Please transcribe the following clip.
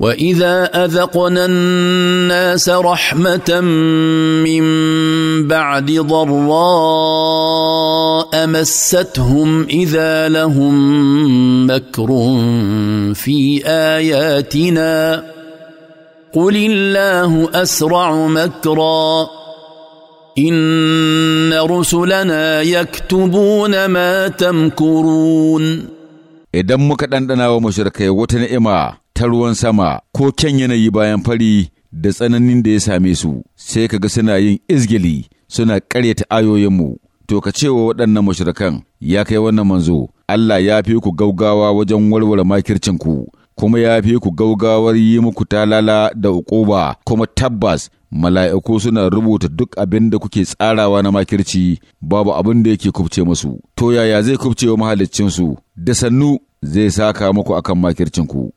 واذا اذقنا الناس رحمه من بعد ضراء مستهم اذا لهم مكر في اياتنا قل الله اسرع مكرا ان رسلنا يكتبون ما تمكرون idan muka ɗanɗana wa mashirkai wata ni'ima ta ruwan sama ko kyan yanayi bayan fari da tsananin da ya same su, sai ka ga suna yin izgili suna ƙaryata ayoyinmu. To ka cewa waɗannan mashirakan ya kai wannan manzo, Allah ya fi ku gaugawa wajen warware makircinku, kuma ya fi ku gaugawar yi muku talala da uƙuba, kuma tabbas mala'iku suna rubuta duk abin da kuke tsarawa na makirci babu abin da yake kubce musu. To yaya zai kubce wa mahaliccinsu, da sannu zai saka muku akan makircinku.